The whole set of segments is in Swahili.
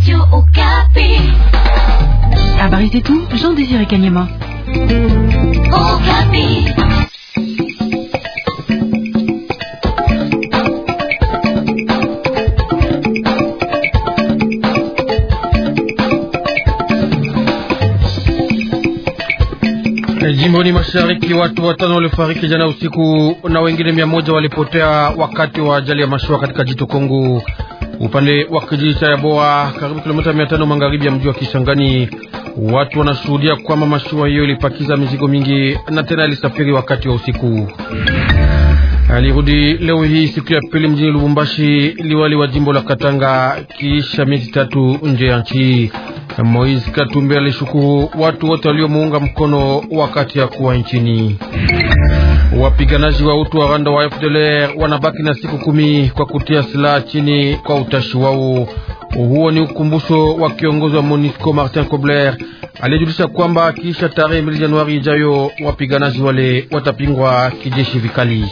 Radio Okapi. Habari zetu, Jean Désiré Kanyama. Okapi. Jimboni mashariki watu watano walifariki jana usiku na wengine mia moja walipotea wakati wa ajali ya mashua katika jito Kongo upande wa kijiji cha Yaboa, karibu kilomita mia tano magharibi ya mji wa Kisangani. Watu wanashuhudia kwamba mashua hiyo ilipakiza mizigo mingi na tena ilisafiri wakati wa usiku. Alirudi leo hii siku ya pili mjini Lubumbashi liwali wa jimbo la Katanga kiisha miezi tatu nje ya nchi. Moise Katumbi alishukuru watu wote waliomuunga mkono wakati ya kuwa nchini. Wapiganaji wa utu wa Rwanda wa FDLR wanabaki na siku kumi kwa kutia silaha chini kwa utashi wao. Huo ni ukumbusho wa kiongozi wa MONUSCO Martin Kobler aliyejulisha kwamba kisha tarehe mbili Januari ijayo wapiganaji wale watapingwa kijeshi vikali.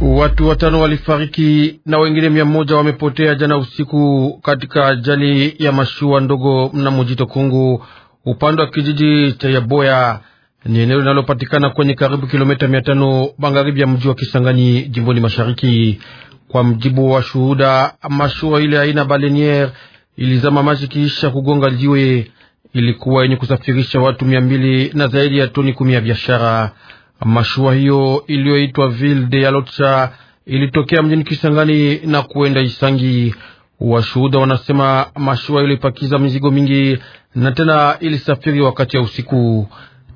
Watu watano walifariki na wengine mia moja wamepotea jana usiku katika ajali ya mashua ndogo mnamo jito Kongo upande wa kijiji cha Yaboya ni eneo linalopatikana kwenye karibu kilomita mia tano magharibi ya mji wa Kisangani, jimboni mashariki. Kwa mjibu wa shuhuda, mashua ile aina baleniere ilizama maji kiisha kugonga jiwe. Ilikuwa yenye kusafirisha watu mia mbili na zaidi ya toni kumi ya biashara. Mashua hiyo iliyoitwa Ville de Yalotcha ilitokea mjini Kisangani na kuenda Isangi. Washuhuda wanasema mashua ilipakiza mizigo mingi na tena ilisafiri wakati ya usiku.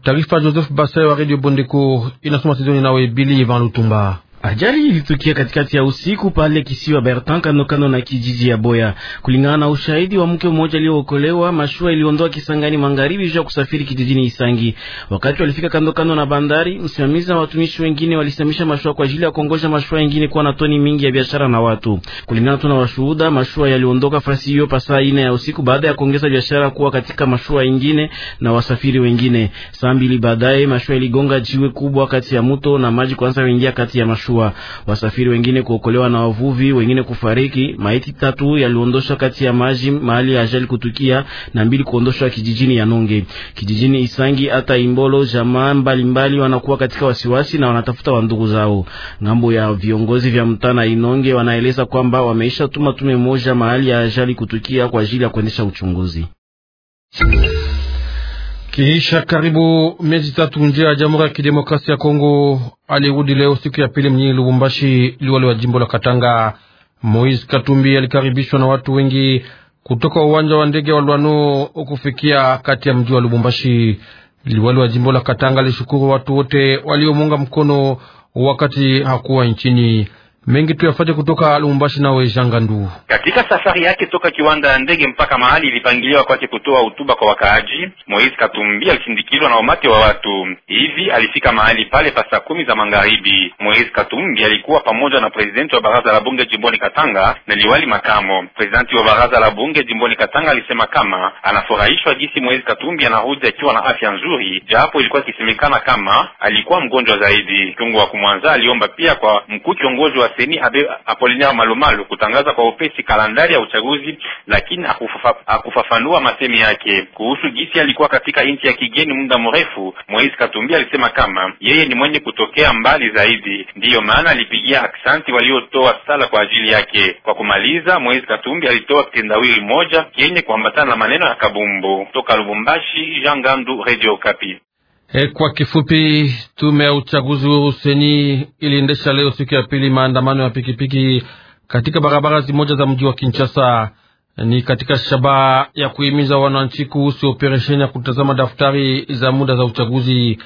Taarifa Joseph Basai wa Radio Bondeko inasoma sizoni nawe Bili Ivan Lutumba. Ajali ilitukia katikati ya usiku pale kisiwa Bertan kanokano na kijiji ya Boya. Kulingana na ushahidi wa mke mmoja aliyookolewa, mashua iliondoa Kisangani magharibi ya kusafiri kijijini Isangi. Wakati walifika kandokano na bandari, msimamizi na watumishi wengine walisimamisha mashua kwa ajili ya kuongoza mashua nyingine kuwa na toni mingi ya biashara na watu. Kulingana tu na washuhuda, mashua yaliondoka fasi hiyo pasaa ine ya usiku baada ya kuongeza biashara kuwa katika mashua nyingine na wasafiri wengine. Saa mbili baadaye mashua iligonga jiwe kubwa kati ya mto na maji kuanza kuingia kati ya mashua kuhamishwa, wasafiri wengine kuokolewa na wavuvi wengine kufariki. Maiti tatu yaliondoshwa kati ya maji mahali ya ajali kutukia na mbili kuondoshwa kijijini ya Nonge, kijijini Isangi hata Imbolo. Jamaa mbalimbali wanakuwa katika wasiwasi na wanatafuta wandugu zao. Ngambo ya viongozi vya mtana Inonge wanaeleza kwamba wameisha tuma tume moja mahali ya ajali kutukia kwa ajili ya kuendesha uchunguzi. Kiisha karibu miezi tatu nje ya Jamhuri ya Kidemokrasia ya Kongo, alirudi leo siku ya pili mjini Lubumbashi, liwali wa jimbo la Katanga. Moise Katumbi alikaribishwa na watu wengi kutoka uwanja wa ndege wa Lwano kufikia kati ya mji wa Lubumbashi. Liwali wa jimbo la Katanga alishukuru watu wote waliomuunga mkono wakati hakuwa nchini mengi tuyafate kutoka Lubumbashi. Nawe Jangandu, katika safari yake toka kiwanda ya ndege mpaka mahali ilipangiliwa kwake kutoa hutuba kwa wakaaji, Moise Katumbi alisindikizwa na umati wa watu. Hivi alifika mahali pale pa saa kumi za magharibi. Moise Katumbi alikuwa pamoja na presidenti wa baraza la bunge jimboni Katanga na liwali makamo. Presidenti wa baraza la bunge jimboni Katanga alisema kama anafurahishwa jinsi Moise Katumbi anarudi akiwa na afya nzuri, japo ilikuwa ikisemekana kama alikuwa mgonjwa zaidi. Kiungo wa kumwanza aliomba pia kwa mkuu kiongozi wa wa seni Apolinaire Malumalu kutangaza kwa upesi kalandari ya uchaguzi, lakini akufafanua masemi yake kuhusu jinsi alikuwa katika nchi ya kigeni muda mrefu. Moise Katumbi alisema kama yeye ni mwenye kutokea mbali zaidi, ndiyo maana alipigia aksanti waliotoa sala kwa ajili yake. Kwa kumaliza, Moise Katumbi alitoa kitendawili moja kenye kuambatana na maneno ya kabumbu. Toka Lubumbashi, Jean Gandu, Radio Kapi. E, kwa kifupi, tume ya uchaguzi huru seni iliendesha leo siku ya pili maandamano ya pikipiki katika barabara zimoja za mji wa Kinshasa. Ni katika shabaha ya kuhimiza wananchi kuhusu operesheni ya kutazama daftari za muda za uchaguzi.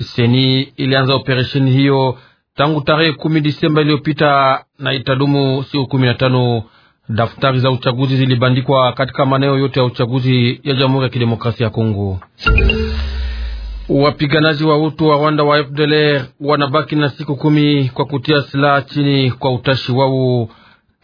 Seni ilianza operesheni hiyo tangu tarehe kumi Disemba iliyopita na itadumu siku kumi na tano. Daftari za uchaguzi zilibandikwa katika maeneo yote ya uchaguzi ya Jamhuri ya Kidemokrasia ya Kongo. Wapiganaji wa utu wa Rwanda wa FDLR wanabaki na siku kumi kwa kutia silaha chini kwa utashi wao.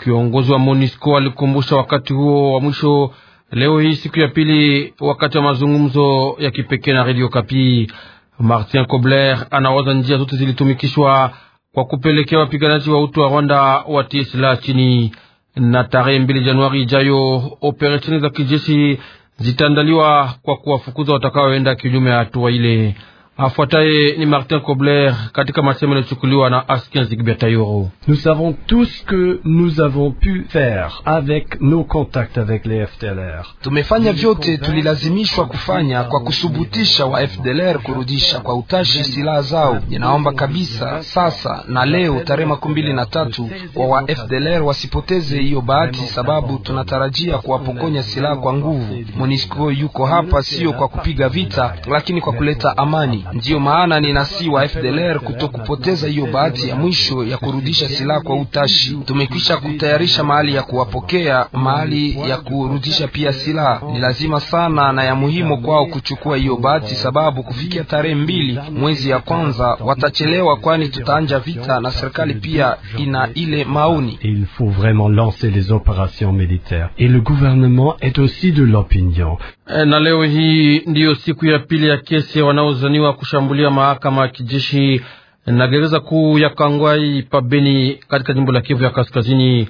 Kiongozi wa MONUSCO alikumbusha wakati huo wa mwisho leo hii siku ya pili, wakati wa mazungumzo ya kipekee na Radio Kapi. Martin Kobler anawaza njia zote zilitumikishwa kwa kupelekea wapiganaji wa utu wa Rwanda watie silaha chini, na tarehe mbili Januari ijayo operesheni za kijeshi zitaandaliwa kwa kuwafukuza watakaoenda kinyume ya hatua ile. Afuataye ni Martin Kobler katika masemo yaliyochukuliwa na Askin Zigbertayoro. Nous savons tous que nous avons pu faire avec nos contacts avec les FDLR. Tumefanya vyote tulilazimishwa kufanya kwa kusubutisha wa FDLR kurudisha kwa utashi silaha zao. Ninaomba kabisa sasa na leo tarehe makumi mbili na tatu kwa wa FDLR wasipoteze hiyo bahati, sababu tunatarajia kuwapokonya silaha kwa nguvu. MONUSCO yuko hapa sio kwa kupiga vita, lakini kwa kuleta amani. Ndiyo maana ninasi wa FDLR kutokupoteza hiyo bahati ya mwisho ya kurudisha silaha kwa utashi. Tumekwisha kutayarisha mahali ya kuwapokea, mahali ya kurudisha pia silaha. Ni lazima sana na ya muhimu kwao kuchukua hiyo bahati, sababu kufikia tarehe mbili mwezi ya kwanza watachelewa, kwani tutaanja vita na serikali pia ina ile maoni. Il faut vraiment lancer les opérations militaires et le gouvernement est aussi de l'opinion. Eh, na leo hii ndiyo siku ya pili ya kesi wanaozaniwa kushambulia mahakama ya kijeshi na gereza kuu ya Kangwai pabeni katika jimbo la Kivu ya Kaskazini.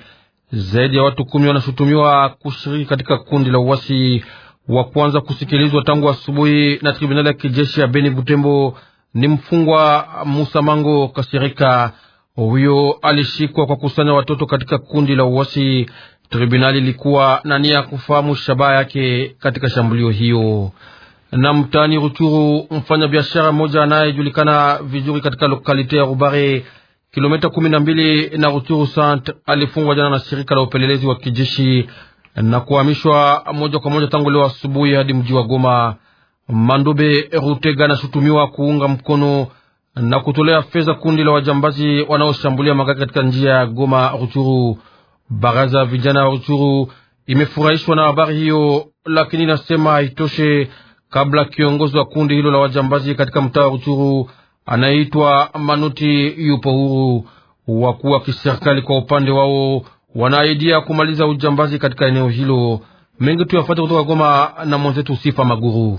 Zaidi ya watu kumi wanashutumiwa kushiriki katika kundi la uasi wa kwanza kusikilizwa tangu asubuhi na tribunali ya kijeshi ya Beni Butembo ni mfungwa Musa Mango Kasirika. Huyo alishikwa kwa kusanya watoto katika kundi la uasi. Tribunali ilikuwa na nia ya kufahamu shabaha yake katika shambulio hiyo na mtaani Ruchuru, biashara mmoja anayejulikana vizuri katika lokalite ya Rubare, kilomita kumi na mbili na Ruchuru Sant, alifungwa jana na shirika la upelelezi wa kijeshi na kuhamishwa moja kwa moja tangu leo asubuhi hadi mji wa Goma. Mandobe Rutega anashutumiwa kuunga mkono na kutolea fedha kundi la wajambazi wanaoshambulia magari katika njia ya Goma Ruchuru. Baraza ya vijana ya Ruchuru imefurahishwa na habari hiyo, lakini inasema haitoshe kabla kiongozi wa kundi hilo la wajambazi katika mtaa wa Ruchuru anaitwa Manuti yupo huru. Wakuu wa kiserikali kwa upande wao wanaaidia kumaliza ujambazi katika eneo hilo. Mengi tuyafate kutoka Goma na mwenzetu Sifa Maguru.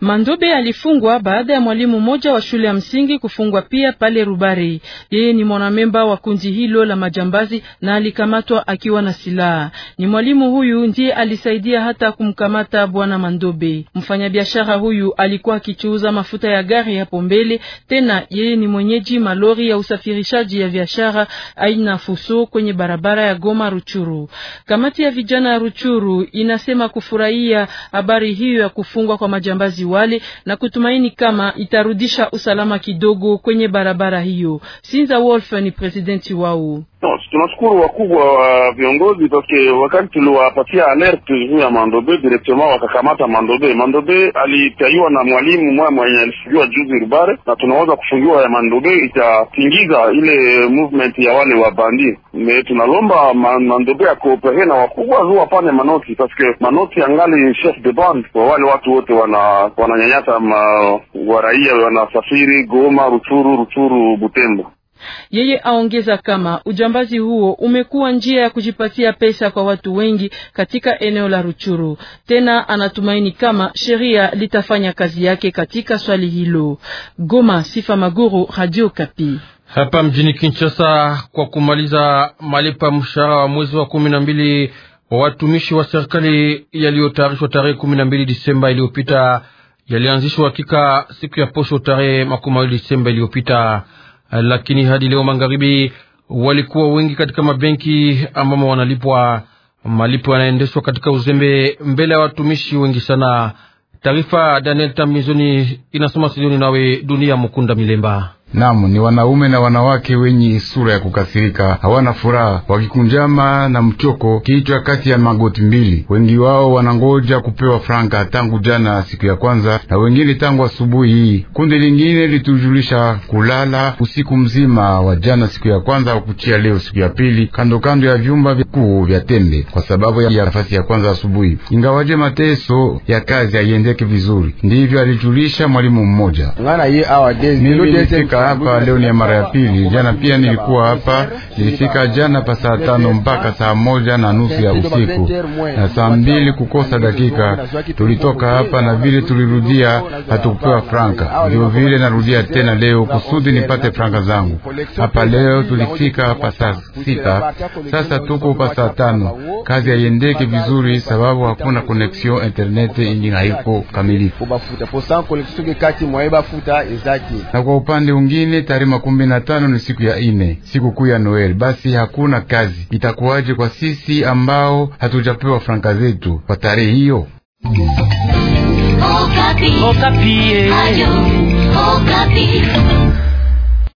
Mandobe alifungwa baada ya mwalimu mmoja wa shule ya msingi kufungwa pia pale Rubari. Yeye ni mwanamemba wa kundi hilo la majambazi na alikamatwa akiwa na silaha. Ni mwalimu huyu ndiye alisaidia hata kumkamata bwana Mandobe. Mfanyabiashara huyu alikuwa akichuuza mafuta ya gari hapo mbele, tena yeye ni mwenyeji malori ya usafirishaji ya biashara aina fuso kwenye barabara ya Goma Ruchuru. Kamati ya vijana ya Ruchuru inasema kufurahia habari hiyo ya kufungwa kwa majambazi wakaaji wale na kutumaini kama itarudisha usalama kidogo kwenye barabara hiyo. Sinza Wolf ni presidenti wao. No, tunashukuru wakubwa wa viongozi paske wakati tuliwapatia alert juu ya Mandobe directement wakakamata Mandobe. Mandobe alitaiwa na mwalimu mwa mwenye alifungiwa juzi Rubare, na tunaweza kufungiwa ya Mandobe itatingiza ile movement ya wale wa bandi. Me tunalomba mandobe Mandobe akoopere na wakubwa juu wapane manoti paske manoti angali chef de band kwa wale watu wote wana wananyanyasa waraia wanasafiri Goma, Ruchuru, Ruchuru, Butembo. Yeye aongeza kama ujambazi huo umekuwa njia ya kujipatia pesa kwa watu wengi katika eneo la Ruchuru. Tena anatumaini kama sheria litafanya kazi yake katika swali hilo. Goma, Sifa Maguru, Radio Kapi. Hapa mjini Kinshasa, kwa kumaliza malipa mshahara wa mwezi wa kumi na mbili wa watumishi wa serikali yaliyotayarishwa tarehe kumi na mbili Disemba iliyopita yalianzishwa hakika siku ya posho tarehe makumi mawili Disemba iliyopita lakini hadi leo magharibi walikuwa wengi katika mabenki ambamo wanalipwa malipo yanaendeshwa katika uzembe mbele ya watumishi wengi sana. Taarifa Daniel Tamizoni inasoma Sidoni nawe Dunia Mukunda Milemba. Naam, ni wanaume na wanawake wenye sura ya kukasirika, hawana furaha, wakikunjama na mchoko kichwa kati ya magoti mbili. Wengi wao wanangoja kupewa franka tangu jana siku ya kwanza, na wengine tangu asubuhi hii. Kundi lingine litujulisha kulala usiku mzima wa jana siku ya kwanza kuchia leo siku ya pili, kando kando ya vyumba vikuu vya tembe kwa sababu ya nafasi ya kwanza asubuhi, ingawaje mateso ya kazi haiendeki vizuri. Ndivyo alijulisha mwalimu mmoja hapa leo ni ya mara ya pili. Jana pia nilikuwa hapa, nilifika jana pa saa tano mpaka saa moja na nusu ya usiku na saa mbili kukosa dakika tulitoka hapa, na vile tulirudia hatukupewa franka. Ndio vile narudia tena leo kusudi nipate franka zangu hapa leo. Tulifika pa saa sita, sasa tuko pa saa tano. Kazi haiendeki vizuri sababu hakuna connection internet ingi haiko kamilifu, na kwa upande ungi nyingine tarehe makumi na tano ni siku ya ine, siku kuu ya Noel. Basi hakuna kazi, itakuwaje kwa sisi ambao hatujapewa franka zetu kwa tarehe hiyo? Okapi. Okapi. Eh.